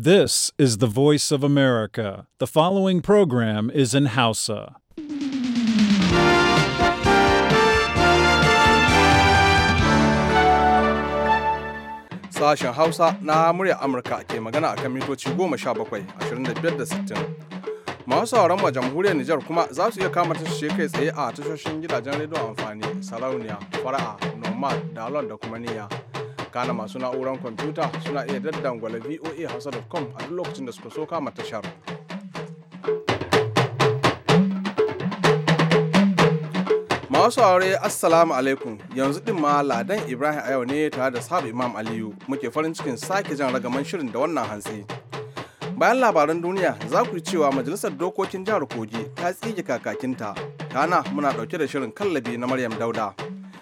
This is the voice of America. The following program is in Hausa. Sashen Hausa na murya Amurka ke magana akan mitoci 17-25-60. Masu sauran wa jamhuriyar Nijar kuma za su iya kama tashoshe kai tsaye a tashoshin gidajen rediyon amfani, sarauniya, fara'a, nomad, dalon da kuma niyya. kana masu na'urar kwamfuta suna iya daddangwala voa hausa.com a duk lokacin da suka so kama tashar. Masu aure assalamu alaikum yanzu din ma ladan Ibrahim a yau ne tare da sabu Imam Aliyu muke farin cikin sake jan ragaman shirin da wannan hantsi. Bayan labaran duniya za ku yi cewa majalisar dokokin jihar Kogi ta tsige kakakinta, kana muna ɗauke da shirin kallabi na Maryam Dauda.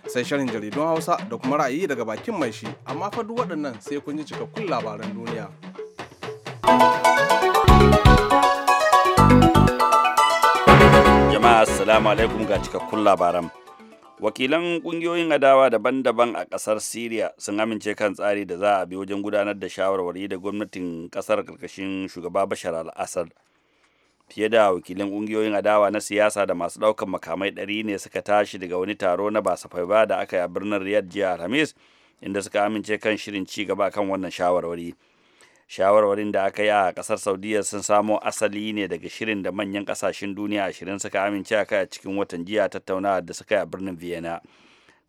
sai shirin jaridun hausa da kuma ra'ayi daga bakin mai shi amma fa duk waɗannan sai kun ji cikakkun labaran duniya jama'a assalamu alaikum ga cikakkun labaran wakilan kungiyoyin adawa daban-daban a kasar syria sun amince kan tsari da za a bi wajen gudanar da shawarwari da gwamnatin kasar karkashin shugaba bashar al-assad fiye da wakilin ƙungiyoyin adawa na siyasa da masu ɗaukan makamai ɗari ne suka tashi daga wani taro na basafai ba da aka yi a birnin riyadh jiya alhamis inda suka amince kan shirin ci gaba kan wannan shawarwari shawarwarin da aka yi a ƙasar saudiya sun samo asali ne daga shirin da manyan ƙasashen duniya ashirin suka amince a kai a cikin watan jiya tattaunawa da suka yi a birnin vienna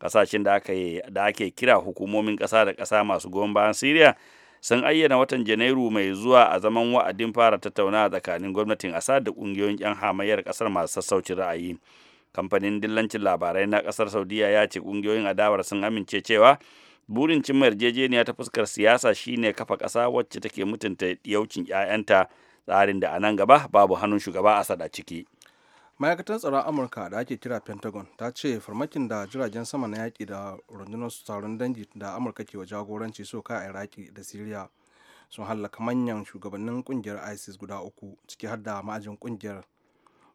ƙasashen da ake kira hukumomin ƙasa da ƙasa masu goyon bayan Siriya. sun ayyana watan janairu mai zuwa a zaman wa'adin fara tattaunawa tsakanin gwamnatin asa da ƙungiyoyin 'yan hamayyar kasar masu sassaucin ra'ayi kamfanin dillancin labarai na kasar saudiya ya ce kungiyoyin adawar sun amince cewa burin cimma yarjejeniya ta fuskar siyasa shine kafa ƙasa wacce take mutunta yaucin 'ya'yanta tsarin da a nan gaba babu hannun shugaba asad a ciki. ma'aikatar tsaron amurka da ake kira pentagon ta ce farmakin da jiragen sama na yaƙi da rundunar taron dangi da amurka ke wa jagoranci soka a iraki da siriya sun hallaka manyan shugabannin kungiyar isis guda uku ciki har da ma'ajin kungiyar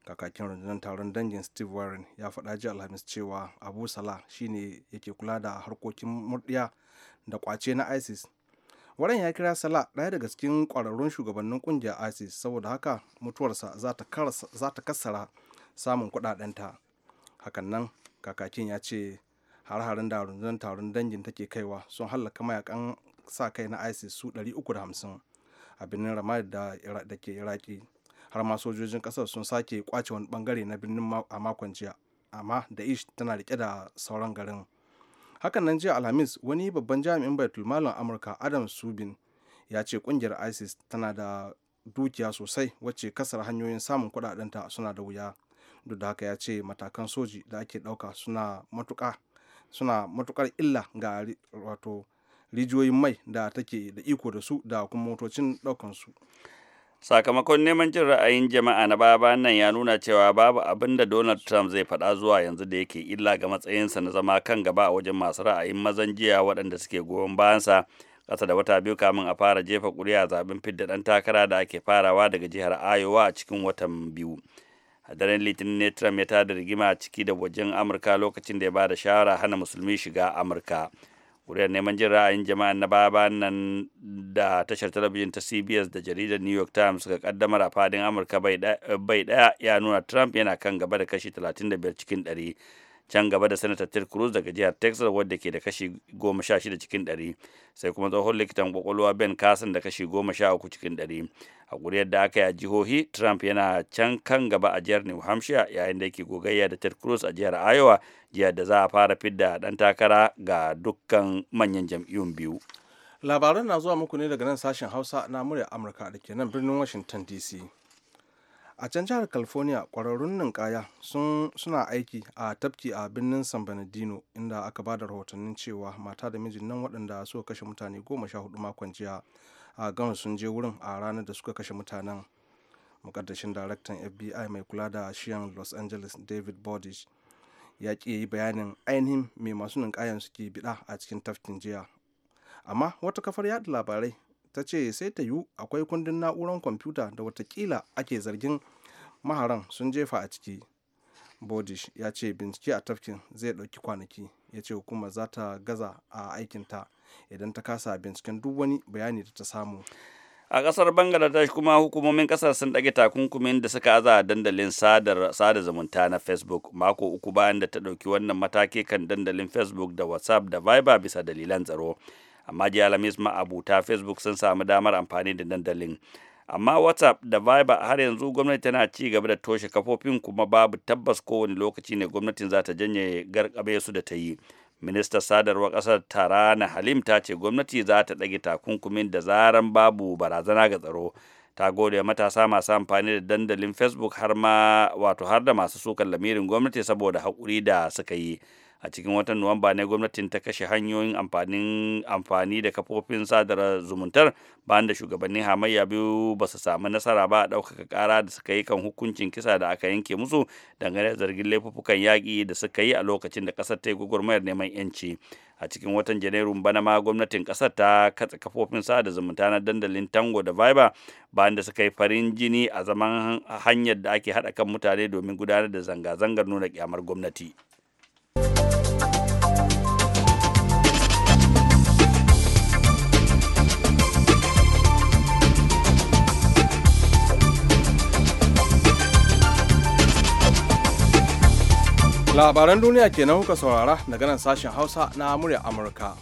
kakakin rundunar taron dangin steve warren ya faɗa ji alhamis cewa abu salah shine yake kula da harkokin murdiya da kwace na isis warren ya kira sala ɗaya daga cikin ƙwararrun shugabannin ƙungiyar isis saboda haka mutuwarsa za ta kassara samun kuɗaɗenta hakan nan kakakin ya ce har da rundunar taron dangin take kaiwa sun hallaka mayakan sa kai na isis su 350 a birnin ramadi da ke iraki har ma sojojin kasar sun sake kwace wani bangare na birnin a makon jiya amma da ish tana rike da sauran garin hakan nan jiya alhamis wani babban jami'in baitul malam amurka adam subin ya ce kungiyar isis tana da dukiya sosai wacce kasar hanyoyin samun kudadenta suna da wuya duk da haka ya ce matakan soji da ake dauka suna matuƙa suna matukar illa ga wato rijiyoyin mai da take da iko da su da kuma motocin ɗaukansu. Sakamakon neman jin ra'ayin jama'a na baya nan ya nuna cewa babu abin da Donald Trump zai faɗa zuwa yanzu da yake illa ga matsayinsa na zama kan gaba a wajen masu ra'ayin mazan jiya waɗanda suke goyon bayansa ƙasa da wata biyu kamin a fara jefa ƙuri'a zaɓen fidda ɗan takara da ake farawa daga jihar Iowa a cikin watan biyu. a daren litinin ne trump ya tada rigima a ciki da wajen amurka lokacin da ya bada shawara hana musulmi shiga amurka wuriyar neman jin ra'ayin jama'a na baya nan da tashar talabijin ta cbs da jaridar new york times suka kaddamar a fadin amurka bai daya ya nuna trump yana kan gaba da kashi 35 cikin 100 can gaba da sanata ted cruz daga jihar texas wadda ke da kashi goma sha shida cikin ɗari sai kuma tsohon likitan kwakwalwa ben kasan da kashi goma sha uku cikin ɗari a kuriyar da aka yi a jihohi trump yana can kan gaba a jihar new hampshire yayin da yake gogayya da ted cruz a jihar iowa jihar da za a fara fidda ɗan takara ga dukkan manyan jam'iyyun biyu labaran na zuwa muku ne daga nan sashen hausa na murya amurka da ke nan birnin washington dc a can jihar california kwararrun ninkaya suna aiki a tafki a birnin san bernardino inda aka ba da rahotannin cewa mata da mijin nan waɗanda suka kashe mutane goma sha hudu makon jiya a gama sun je wurin a ranar da suka kashe mutanen mukaddashin daraktan fbi mai kula da shiyan los angeles david bordage ya ƙi yi bayanin ainihin mai masu ninkayan suke biɗa a cikin tafkin jiya amma wata kafar yaɗa labarai ta ce sai ta yiwu akwai kundin na'urar kwamfuta da watakila ake zargin maharan sun jefa a ciki bodish ya ce bincike a tafkin zai ɗauki kwanaki ya ce hukumar za ta gaza a aikinta idan ta kasa binciken duk wani bayani da ta samu a kasar bangladesh kuma hukumomin kasar sun ɗage takunkumin da suka aza a dandalin sada zumunta na facebook mako uku bayan da ta ɗauki wannan mataki kan dandalin facebook da whatsapp da viber bisa dalilan tsaro amma jiya alhamis ma'abuta facebook sun samu damar amfani da dandalin amma whatsapp da viber har yanzu gwamnati tana ci gaba da toshe kafofin kuma babu tabbas kowane lokaci ne gwamnatin za ta janye garkabe su da ta yi minista sadarwar ƙasar tarana halim ta ce gwamnati za ta ɗage takunkumin da zaran babu barazana ga tsaro ta gode matasa masu amfani da dandalin facebook har ma wato har da masu sukan lamirin gwamnati saboda haƙuri da suka yi a cikin watan nuwamba ne gwamnatin ta kashe hanyoyin amfanin amfani da kafofin sadar zumuntar bayan da shugabannin hamayya biyu ba su samu nasara ba a ɗaukaka ƙara da suka yi kan hukuncin kisa da aka yanke musu dangane da zargin laifuffukan yaƙi da suka yi a lokacin da ƙasar ta yi gwagwarmayar neman yanci a cikin watan janairun bana ma gwamnatin ƙasar ta katse kafofin sada zumunta na dandalin tango da viber bayan da suka yi farin jini a zaman hanyar da ake haɗa kan mutane domin gudanar da zanga-zangar nuna kyamar gwamnati. labaran duniya ke kenan kuka saurara daga nan sashen hausa na murya amurka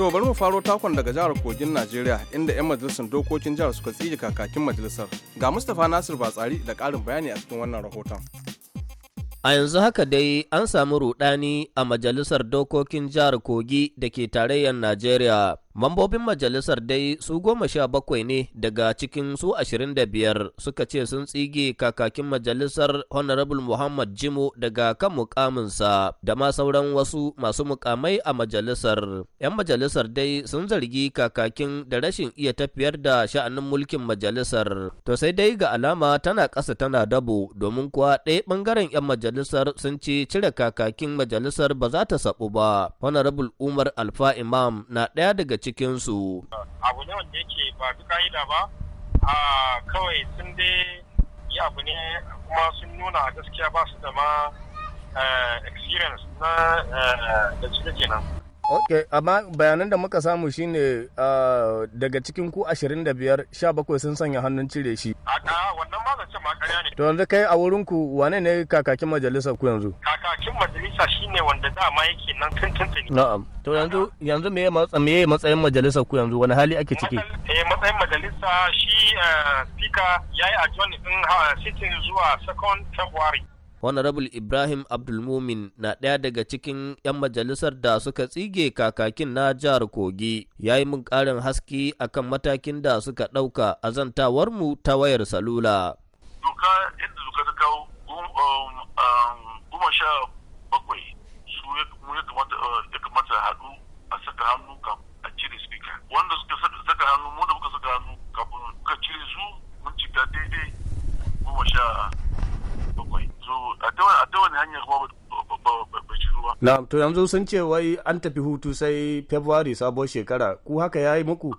To bari mu faro takon daga jihar Kogin Najeriya inda 'yan majalisar dokokin jihar suka tsige kakakin majalisar. Ga Mustapha Nasir Batsari da ƙarin bayani a cikin wannan rahoton. A yanzu haka dai an samu rudani a Majalisar Dokokin Jihar Kogi da ke tarayyar Najeriya. Mambobin majalisar dai su goma sha bakwai ne daga cikin su ashirin da biyar suka ce sun tsige kakakin majalisar Honorable Muhammad Jimo daga kan mukaminsa da ma sauran wasu masu mukamai a majalisar. 'Yan majalisar dai sun zargi kakakin da rashin iya tafiyar da sha'anin mulkin majalisar. To sai dai ga alama tana ƙasa tana dabo domin kuwa ɗaya ɓangaren 'yan majalisar sun ce cire kakakin majalisar ba za ta saɓu ba. Honorable Umar Alfa Imam na ɗaya daga cikinsu. Abu ne wanda yake ba bi ka'ida ba, a kawai sun dai yi abu ne kuma sun nuna a gaskiya ba su da ma eh, experience na eh, da kenan. ok amma bayanan da muka samu shine ah, daga cikin ku 25 17 sun sanya hannun cire shi a wannan ma zance ma ƙarya ne to yanzu kai a wurin ku wane ne kakakin majalisa ku yanzu kakakin majalisa shine wanda dama yake nan tun tun na'am to yanzu yanzu me me matsayin majalisa ku yanzu wani hali ake ciki eh matsayin majalisa shi eh, speaker yayi adjourn din sitting zuwa 2 February Honorable Ibrahim Abdulmumin na ɗaya daga cikin 'yan majalisar da suka tsige kakakin na jihar Kogi, ya yi min ƙarin haske akan matakin da suka ɗauka a zantawar mu ta wayar salula. Doka inda doka ta kawo um, um, goma sha bakwai su ya kamata haɗu a saka hannu kan na to yanzu sun ce wai an tafi hutu sai february sabuwar shekara ku haka ya yi muku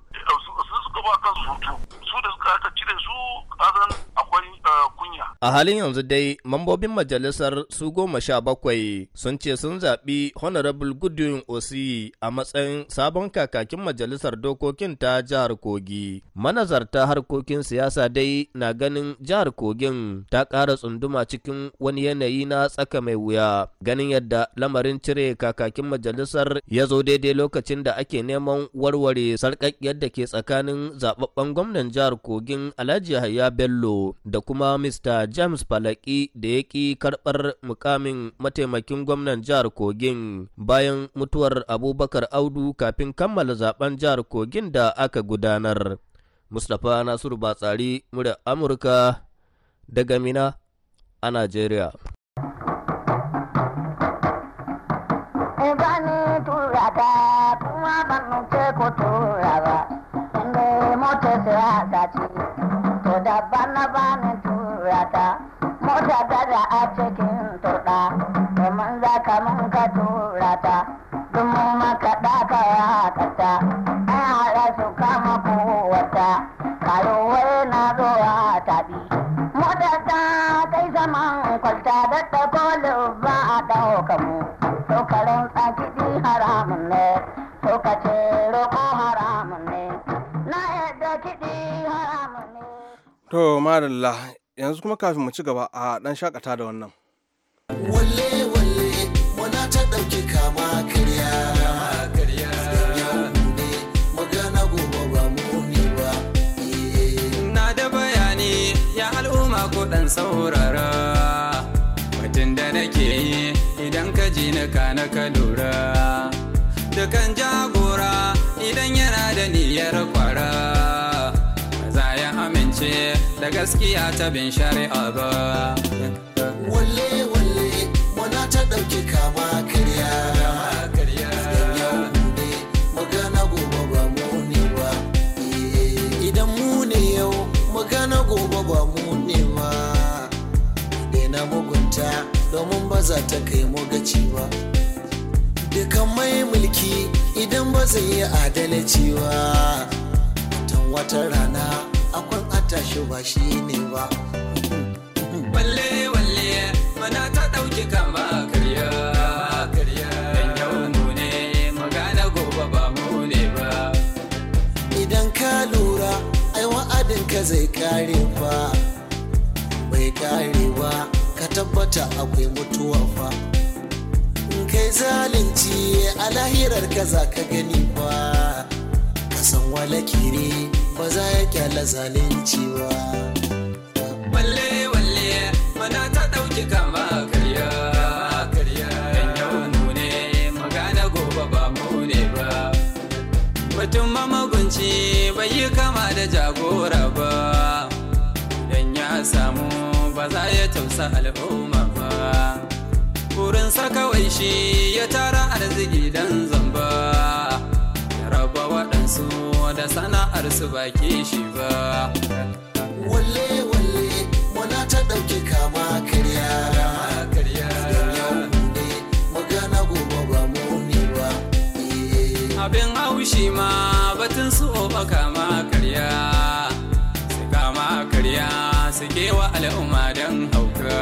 A halin yanzu dai mambobin majalisar su goma sha bakwai sun ce sun zaɓi Honorable Goodwin Osi a matsayin sabon kakakin majalisar dokokin ta jihar Kogi. Manazarta harkokin siyasa dai na ganin jihar Kogin ta ƙara tsunduma cikin wani yanayi na tsaka mai wuya ganin yadda lamarin cire kakakin majalisar ya zo daidai lokacin da ake neman warware sarƙaƙƙiyar da ke tsakanin zaɓaɓɓen gwamnan jihar Kogin Alhaji Yahaya Bello da kuma Mr. James Falaki da ya ƙi karɓar mukamin mataimakin gwamnan jihar Kogin bayan mutuwar Abubakar Audu kafin kammala zaben jihar Kogin da aka gudanar. Mustapha Nasiru Batsari, murya Amurka daga Mina a Najeriya. Inda mota siyasa ce, to da bana ni. ta a cikin turɗa domin za ka mun ka tura ta dun maka ɗaka ya kata an haɗa su kama kowata karuwar na zuwa tabi motar ta kai saman kwalta da ɗauko lubba a ɗauka mu tsaki ɗi haramun ne tokace roƙo haramun ne na yadda kiɗi haramun ne To, madalla yanzu kuma kafin mu ci gaba a dan shakata da wannan walle walle wana ta dauke kama karya ko kuɗin saurara mutum da nake yi idan ka ji na kana ka lura dukan jagora idan yana da niyyar kwara da gaskiya ta bin shari'a ba. Walle walle wana ta ɗauki kama karya. Idan mu ne yau magana gobe ba mu ne ba. Daina mugunta domin ba za ta kai mu gaci ba. Dukan mai mulki idan ba zai yi adalci ba. Tun wata rana sa shi ba shi ne ba Balle walle mana ta ɗauki kama karya karya dan magana gobe ba ba idan ka lura zai kare fa bai kare ba ka tabbata akwai mutuwa fa kai zalunci a lahirar ka za ka gani ba ka san wala ba za ya kyala zalunci ba Balle mana ta dauki kama karya karya yan yau ne magana gobe ba mu ne ba mutum magunci bai yi kama da jagora ba dan ya samu ba za ya tausa al'umma ba saka kawai shi ya tara arziki dan zamba ya raba waɗansu sana'ar su ba shi ba walle walle muna ta ɗauki kama karya abin haushi ma batun su ba kama karya su kama karya su wa al'umma don hauka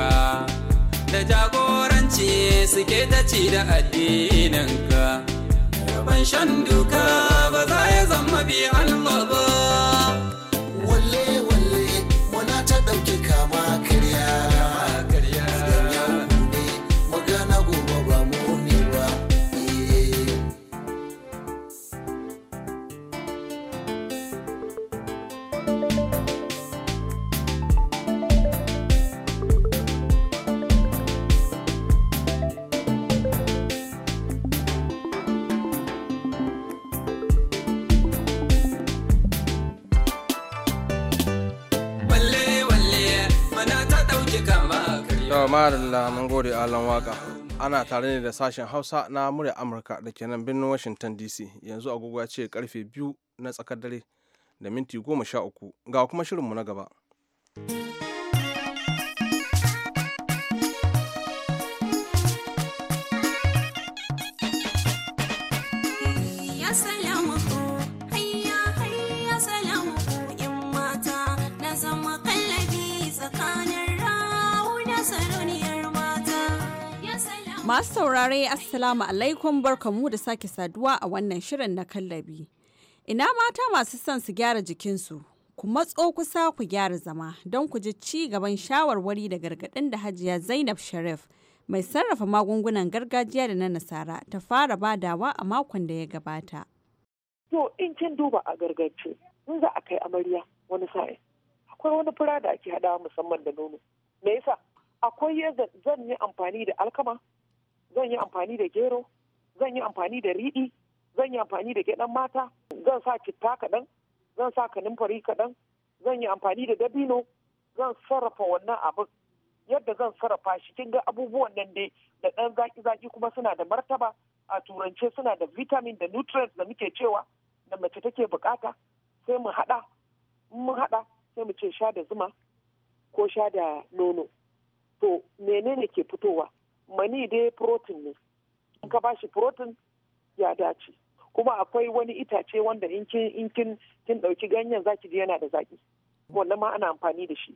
da jagoranci suke ta ci da addininka ban shan duka ba za ya zama bi Allah ba madalla mun gode alan waka ana tare ne da sashen hausa na murya amurka da ke nan birnin washington dc yanzu agogo ya ce karfe biyu na tsakar dare da minti goma sha uku ga kuma shirinmu na gaba. Masu saurare Assalamu alaikum barkamu da sake saduwa a wannan shirin na kallabi. Ina mata masu son su gyara jikinsu, ku matso kusa ku gyara zama don ku ji ci gaban shawarwari da gargaɗin da hajiya Zainab Sharif mai sarrafa magungunan gargajiya da na nasara ta fara badawa a makon da ya gabata. To in kin duba a gargajiya in za a kai amarya wani sa'in akwai wani fura da ake haɗawa musamman da nono. Me yasa? Akwai zan yi amfani da alkama zan yi amfani da gero zan yi amfani da riɗi zan yi amfani da gyaɗan mata zan sa citta kaɗan zan sa kanumfari kaɗan zan yi amfani da dabino zan sarrafa wannan abin yadda zan sarrafa shi kin ga abubuwan nan dai da ɗan zaki-zaki kuma suna da martaba a turance suna da vitamin da nutrients da muke cewa da mace take bukata sai mu haɗa in mun haɗa sai mu ce sha da zuma ko sha da nono to menene ke fitowa mani dai protein ne in ka bashi protein ya dace kuma akwai wani itace wanda in kin in kin dauki ganyen zaki ji yana da zaki wannan ma ana amfani da shi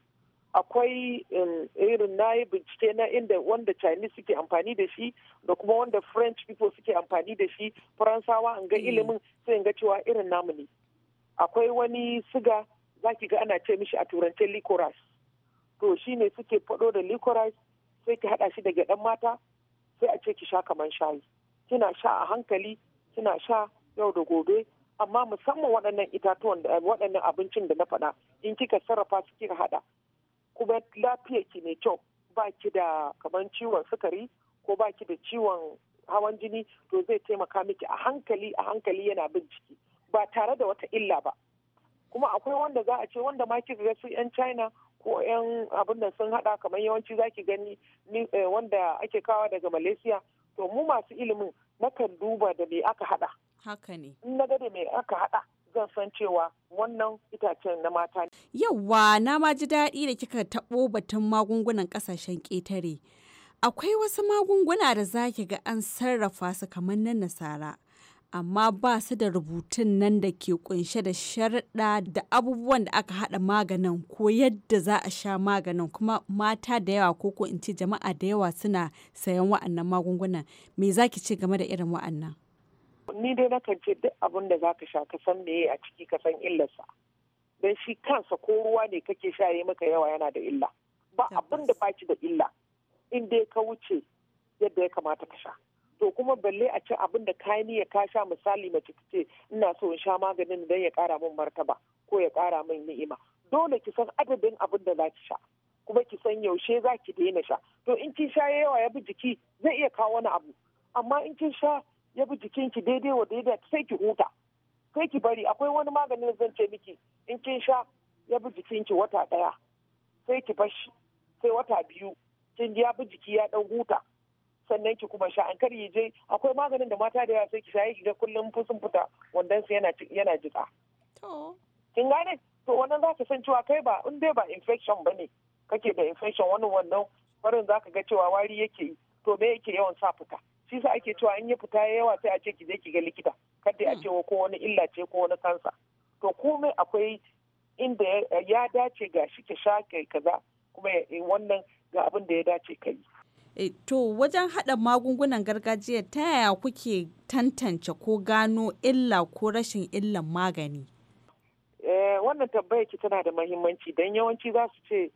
akwai eh, irin na yi bincike na inda wanda chinese suke amfani da shi da kuma wanda french people suke amfani da shi faransawa an ga mm. ilimin sai in ga cewa irin namu ne akwai wani siga zaki ga ana ce mishi a turance licorice to shine suke fado da licorice sai ki haɗa shi da gyaɗan mata sai a ce ki sha kamar shayi kina sha a hankali kina sha yau da gobe amma musamman waɗannan itatuwan waɗannan abincin da na faɗa in kika sarrafa su kika haɗa kuma lafiya ki mai kyau ba ki da kamar ciwon sukari ko ba ki da ciwon hawan jini to zai taimaka miki a hankali a hankali yana bin ciki ba tare da wata illa ba kuma akwai wanda za a ce wanda ma kika ga su 'yan china ko 'yan abin da sun hada kamar yawanci zaki gani eh, wanda ake kawo daga malaysia to mu masu ilimin nakan duba da me aka hada haka ne in na da me aka hada zan san cewa wannan itacen na mata ne yawa na ma ji daɗi da kika taɓo batun magungunan ƙasashen ƙetare akwai wasu magunguna da zaki ga an sarrafa su kamar nan nasara amma ba su da rubutun nan da ke kunshe da sharaɗa da abubuwan da aka haɗa maganin ko yadda za a sha maganin kuma mata da yawa ko ko in ce jama'a da yawa suna sayan wa'annan magungunan me za ki ce game da irin wa'annan ni dai nakan ce duk abin da za ka sha ka san meye a ciki ka san illarsa don shi kansa ko ruwa ne kake sha yi maka yawa yana da illa ba abin da baki da illa in dai ka wuce yadda ya kamata ka sha to kuma balle a ci abin da kayan ya ka sha misali mace ta ce ina so in sha maganin don ya kara min martaba ko ya kara min ni'ima dole ki san adadin abin da za ki sha kuma ki san yaushe za ki daina sha to in kin sha yawa ya bi jiki zai iya kawo wani abu amma in kin sha ya bi jikin ki daidai wa daidai sai ki huta sai ki bari akwai wani maganin zan ce miki in kin sha ya bi jikin ki wata daya sai ki bashi, sai wata biyu kin ya bi jiki ya dan huta sannan ki kuma sha an kar yi je akwai maganin da mata da yawa sai ki shaye ki ga kullum fusun fita wandan su yana yana jika kin gane to wannan za san cewa kai ba in dai ba infection bane kake da infection wani wannan farin zaka ga cewa wari yake to me yake yawan sa fita shi sa ake cewa in ya fita yawa sai a ce ki je ki ga likita kada a ce ko wani illa ce ko wani kansa to komai akwai inda ya dace ga shi ki sha kai kaza kuma wannan ga abin da ya dace ka e to wajen hada magungunan gargajiya ta yaya kuke tantance ko gano illa ko rashin illan magani? Eh, wannan tambayar ki tana da mahimmanci don yawanci za su ce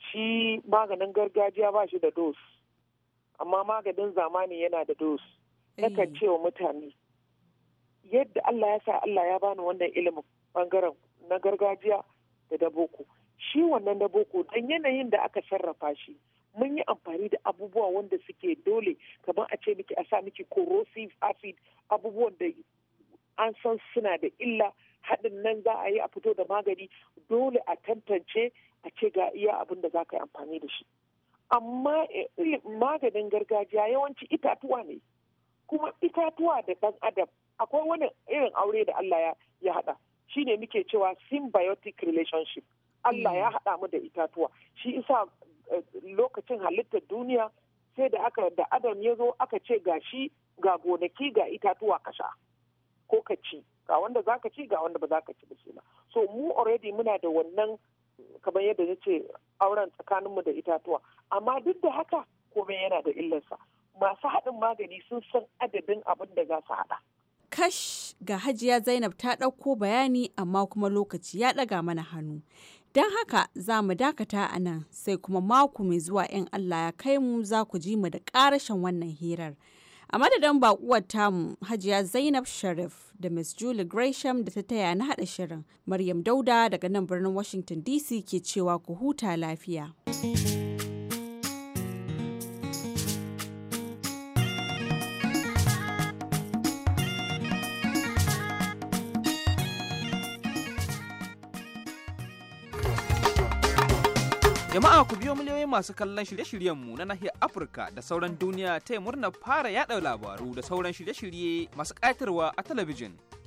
shi maganin gargajiya ba shi da dos amma maganin zamani yana da dos eh. nakan ce wa mutane yadda Allah ya sa Allah ya bani wannan ilimin bangaren na gargajiya da daboko shi wannan daboko don yanayin da aka sarrafa shi mun yi amfani da abubuwa wanda suke dole kamar a ce miki a sa miki corrosive acid abubuwan da an san suna da illa haɗin nan za a yi a fito da magani dole a tantance a ce ga iya abin da za ka yi amfani da shi amma maganin gargajiya yawanci itatuwa ne kuma itatuwa da ɗan adam akwai wani irin aure da Allah ya haɗa shine muke cewa symbiotic relationship Allah ya mm. haɗa mu da itatuwa shi isa lokacin halittar duniya sai da aka da adam ya zo aka ce ga shi ga gonaki ga itatuwa ka sha ko ka ci ga wanda za ka ci ga wanda ba za ka ci ba so mu already muna da wannan kamar yadda na ce auren tsakaninmu da itatuwa amma duk da haka komai yana da illarsa masu haɗin magani sun san adadin abin da za su haɗa. kash ga hajiya zainab ta ɗauko bayani amma kuma lokaci ya ɗaga mana hannu Don haka za mu dakata a nan sai kuma mako mai zuwa ‘yan Allah ya kai mu za ku ji mu da ƙarashin wannan hirar. A madadin bakuwar tamu Hajiya Zainab Sharif da Miss Julie Gresham da ta taya na haɗa shirin. Maryam Dauda daga nan birnin Washington DC ke cewa ku huta lafiya. Jama'a ku biyo miliyoyin masu kallon shirye-shiryenmu na nahiyar Afirka da sauran duniya ta yi murnar fara yada labaru da sauran shirye-shirye masu ƙayatarwa a talabijin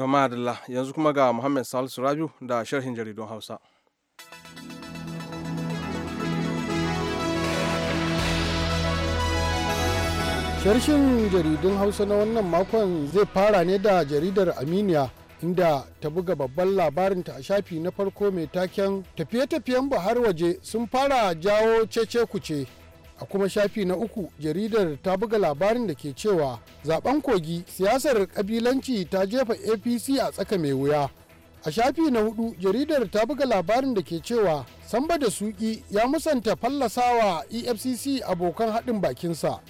don yanzu kuma ga Muhammad Salisu Rabiu da sharhin jaridun Hausa. Sharshin jaridun Hausa na wannan makon zai fara ne da jaridar Aminiya inda ta buga babban labarinta a shafi na farko mai taken tafiye-tafiyen buhar waje sun fara jawo cece kuce a kuma shafi na uku jaridar ta buga labarin da ke cewa zaben kogi siyasar kabilanci ta jefa apc a tsaka mai wuya a shafi na hudu jaridar ta buga labarin da ke cewa samba da suki ya musanta fallasawa efcc abokan haɗin bakinsa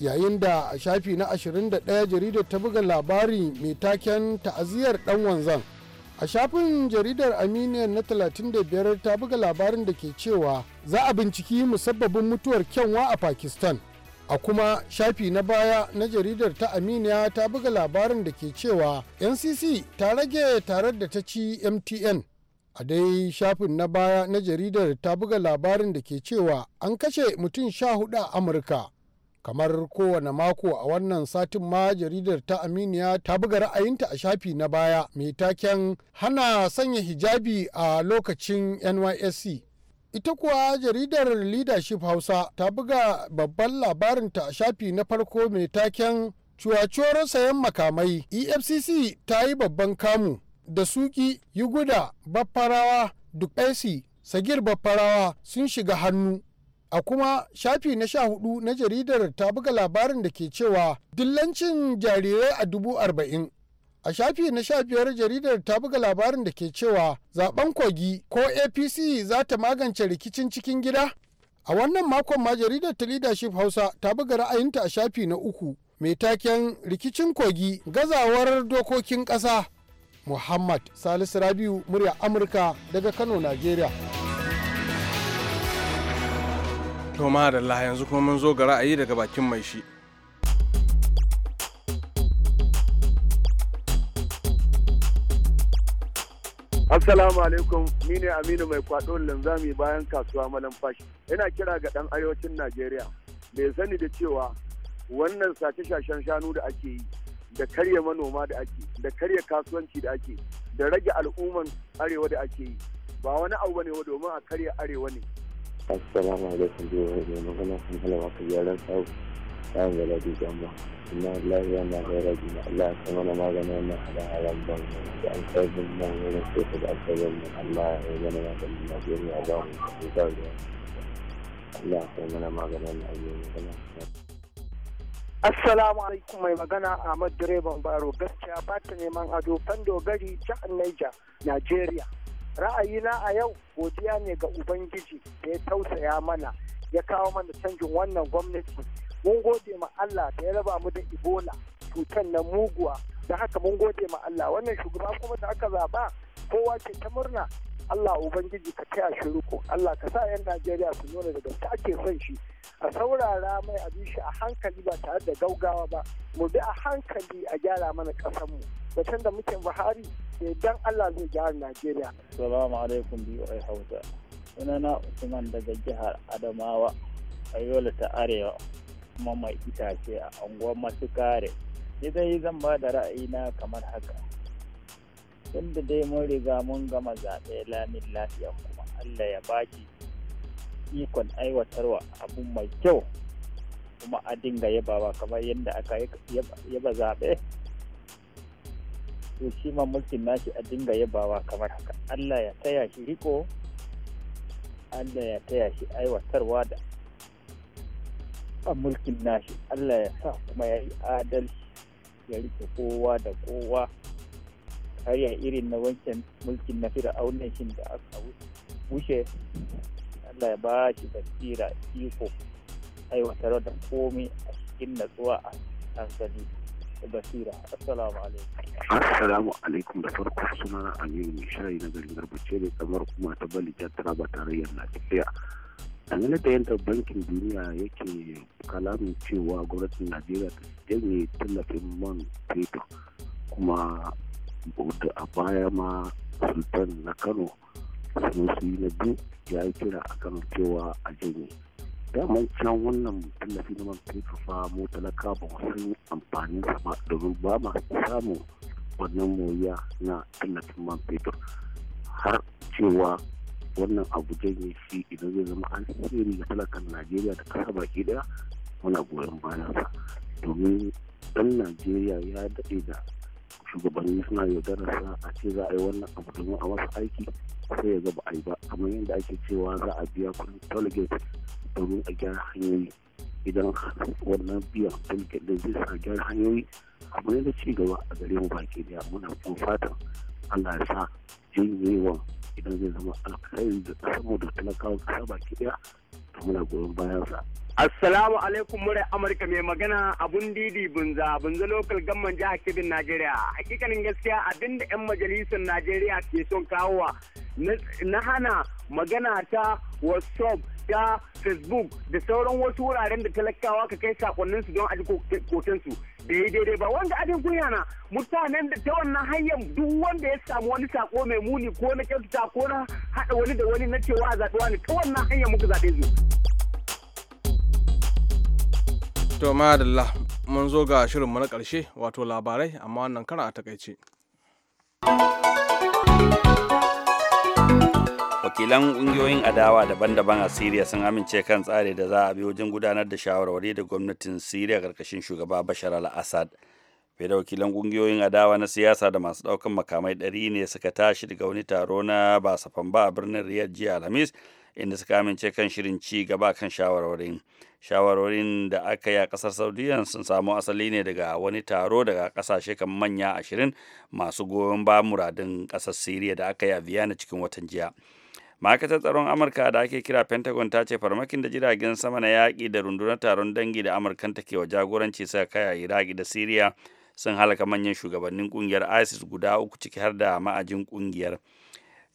yayin da a shafi na 21 jaridar ta buga labari mai taken ta'aziyar ɗan wanzan a shafin jaridar aminiya na 35 ta buga labarin da ke cewa za a binciki musabbabin mutuwar kyanwa a pakistan a kuma shafi na baya na jaridar ta aminiya ta buga labarin da ke cewa ncc ta rage tarar da ta ci mtn a dai shafin na baya na jaridar ta buga labarin da ke cewa an kashe mutum sha hudu a amurka kamar kowane mako a wannan satin ma jaridar ta aminiya ta buga ra'ayinta a shafi na baya mai taken hana sanya hijabi a lokacin nysc ita kuwa jaridar leadership hausa ta buga babban labarinta a shafi na farko mai taken cuwacuwar sayan makamai efcc ta yi babban kamu da suki yuguda baffarawa duk sagir baffarawa sun shiga hannu A kuma shafi na sha hudu na jaridar ta buga labarin da ke cewa dillancin jarirai a dubu arba'in. A shafi na sha biyar jaridar ta buga labarin da ke cewa zaben kogi ko APC za ta magance rikicin cikin gida? A wannan makon ma jaridar ta leadership Hausa ta buga ra'ayinta a shafi na uku mai taken rikicin kogi gazawar dokokin ƙasa. Muhammad Salisu Rabiu murya Amurka daga Kano, Najeriya. to madalla yanzu kuma mun zo ga ra'ayi daga bakin mai shi Assalamu alaikum ni ne Aminu mai kwado linzami bayan kasuwa malamfashi ina kira ga ɗan arewacin Najeriya bai sani da cewa wannan sace shashen shanu da ake yi da karya manoma da ake da karya kasuwanci da ake da rage al'umman arewa da ake yi ba wani abu ne domin a karya arewa ne assalamu alaikum jihohi mai magana sun halawa ka gyaran tsawo kayan gala da jamba kuma lafiya na kai rabi na allah ka mana magana na halayen ban da an kai bin nan wurin sai ka da aka zama allah ya zama na kan najeriya ba mu ka kuka da allah Assalamu alaikum mai magana Ahmad Direban Baro gaskiya ba neman ado fando gari jihar Niger, Najeriya. ra'ayina a yau godiya ne ga ubangiji da ya tausaya mana ya kawo mana canjin wannan gwamnati mun gode ma Allah da ya raba mu da ibola cutar na muguwa da haka mun gode ma Allah wannan shugaba kuma da aka zaba kowa ke ta murna Allah Ubangiji ka taya shiru shiruko Allah ka sa 'yan Najeriya su nuna da ta ake son shi a saurara mai abin shi a hankali ba tare da gaugawa ba mu bi a hankali a gyara mana mu zaton da muke Buhari eh, dan Allah zai gyara Najeriya. Salamu alaikum BOA Hausa. Sunana Usman daga jihar Adamawa a Yola ta Arewa kuma mai itace a unguwar Masu Kare. Ni dai zan ba da ra'ayi na kamar haka. tunda dai mun riga mun gama zaɓe lamin lafiya kuma Allah ya baki ikon aiwatarwa abu mai kyau kuma a dinga yaba ba kamar yadda aka yaba zaɓe to shi ma mulkin nashi a dinga yabawa kamar haka Allah ya taya shi riko Allah ya taya shi aiwatarwa da a mulkin nashi Allah ya sa kuma ya yi adalci ya rike kowa da kowa kariya irin na wancan mulkin na fir'aunan shin da aka wuce Allah ya ba shi basira iko aiwatar da komai a cikin natsuwa a hankali basira assalamu alaikum assalamu alaikum da farko na aminu mai shayi na garin garbace ne kamar kuma ta bali jantara ba tarayyar najeriya dangane da yadda bankin duniya yake kalamin cewa gwamnatin najeriya ta janye tallafin man fetur kuma wanda a baya ma sultan na kano sunusi na biyu ya yi kira a kano cewa a janye daman can wannan tallafi na man fetur fa mu talaka ba mu amfanin da ba domin ba ma samun wannan moya na tallafin man fetur har cewa wannan abu janye shi idan zai zama an sirri ga talakan najeriya da kasa baki daya muna goyon bayansa domin dan najeriya ya daɗe da shugabanni suna sa a ce za a yi wannan abu domin a wasu aiki sai ya gaba a yi ba kamar yadda ake cewa za a biya kudin tolgate domin a gyara hanyoyi idan wannan biyan tolgate da zai sa gyara hanyoyi abu ne da ci gaba a gare mu baki daya muna kuma fatan allah ya sa jinyewa idan zai zama alkhairi da saboda talakawa kasa baki daya muna goyon bayan sa Assalamu alaikum murai Amurka mai magana abun didi bunza bunza lokal gamman jihar kibin Najeriya. Hakikanin gaskiya abin da 'yan majalisar Najeriya ke son kawowa na hana magana ta WhatsApp ta facebook da sauran wasu wuraren da talakawa ka kai sakonnin su don da ya daidai ba wanda abin kunya na mutanen da ta wannan hanyar duk wanda ya samu wani sako mai muni ko na kyautata ko na haɗa wani da wani na cewa a zaɓi wani ta wannan hanyar muka zaɓe su. To madalla mun zo ga shirinmu na karshe wato labarai amma wannan karan a takaice. wakilan ƙungiyoyin adawa daban-daban a siriya sun amince kan tsari da za a bi wajen gudanar da shawarwari da gwamnatin siriya karkashin shugaba bashar al-assad fiye da wakilan ƙungiyoyin adawa na siyasa da masu ɗaukan makamai ɗari ne suka tashi daga wani taro na basafan ba a birnin riyadh jiya alhamis inda suka amince kan shirin ci gaba kan shawarwarin shawarwarin da aka yi a kasar saudiya sun samo asali ne daga wani taro daga kasashe kan manya ashirin masu goyon ba muradin kasar siriya da aka yi a viyana cikin watan jiya ma'aikatar tsaron amurka da ake kira pentagon ta ce farmakin da jiragen sama na yaƙi da rundunar taron dangi da amurkan take wa jagoranci sa a iraki da siriya sun halaka manyan shugabannin kungiyar isis guda uku ciki har da ma'ajin kungiyar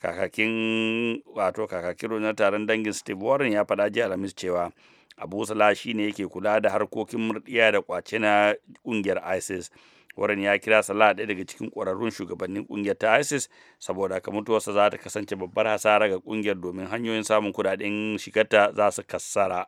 kakakin wato kakakin rundunar taron dangin steve warren ya faɗa jiya alhamis cewa abu shi ne yake kula da harkokin murɗiya da kwace na ƙungiyar isis Warren ya kira Salah ɗaya daga cikin ƙwararrun shugabannin ƙungiyar ta ISIS saboda haka mutuwarsa za ta kasance babbar hasara ga ƙungiyar domin hanyoyin samun kuɗaɗen shigarta za su kassara.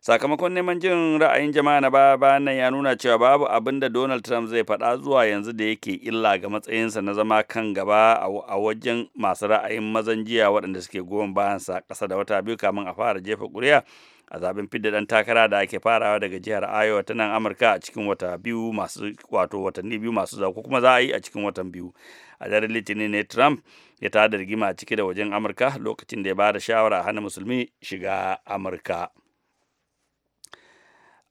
sakamakon neman jin ra'ayin jama'a na baya bayan nan ya nuna cewa babu abin da donald trump zai faɗa zuwa yanzu da yake illa ga matsayinsa na zama kan gaba a wajen masu ra'ayin mazan jiya waɗanda suke goyon bayansa ƙasa da wata biyu kamin a fara jefa ƙuri'a a zaben fidda ɗan takara da ake farawa daga jihar iowa ta nan amurka a cikin wata biyu masu wato watanni biyu masu zuwa ko kuma za a yi a cikin watan biyu a daren litinin ne trump ya tada rigima ciki da wajen amurka lokacin da ya ba da shawara a hana musulmi shiga amurka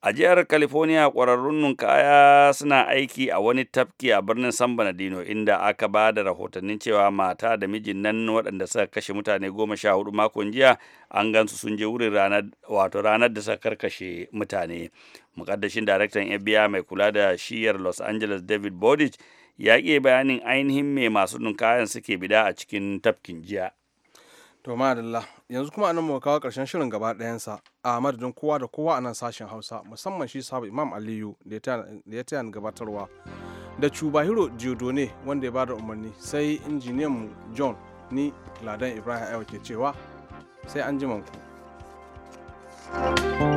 A jihar California kwararrun ninkaya suna aiki a wani tafki a birnin San Bernardino inda aka ba da rahotannin cewa mata da mijin nan waɗanda suka kashe mutane goma sha hudu makon jiya an gansu sun je wurin wato ranar da suka karkashe mutane. Mukaddashin daraktan FBI mai kula da shiyar Los Angeles David bodich ya ƙi bayanin ainihin me masu ninkayan suke bida a cikin tafkin jiya. To madalla yanzu kuma anan mu kawo karshen shirin gaba ɗayansa a madadin kowa da kowa a nan sashen Hausa musamman shi sabu Imam Aliyu da ya taya gabatarwa da Cubahiro ne wanda ya bada umarni sai injiniyan mu John ni Ladan Ibrahim Ayo ke cewa sai an ku. thank you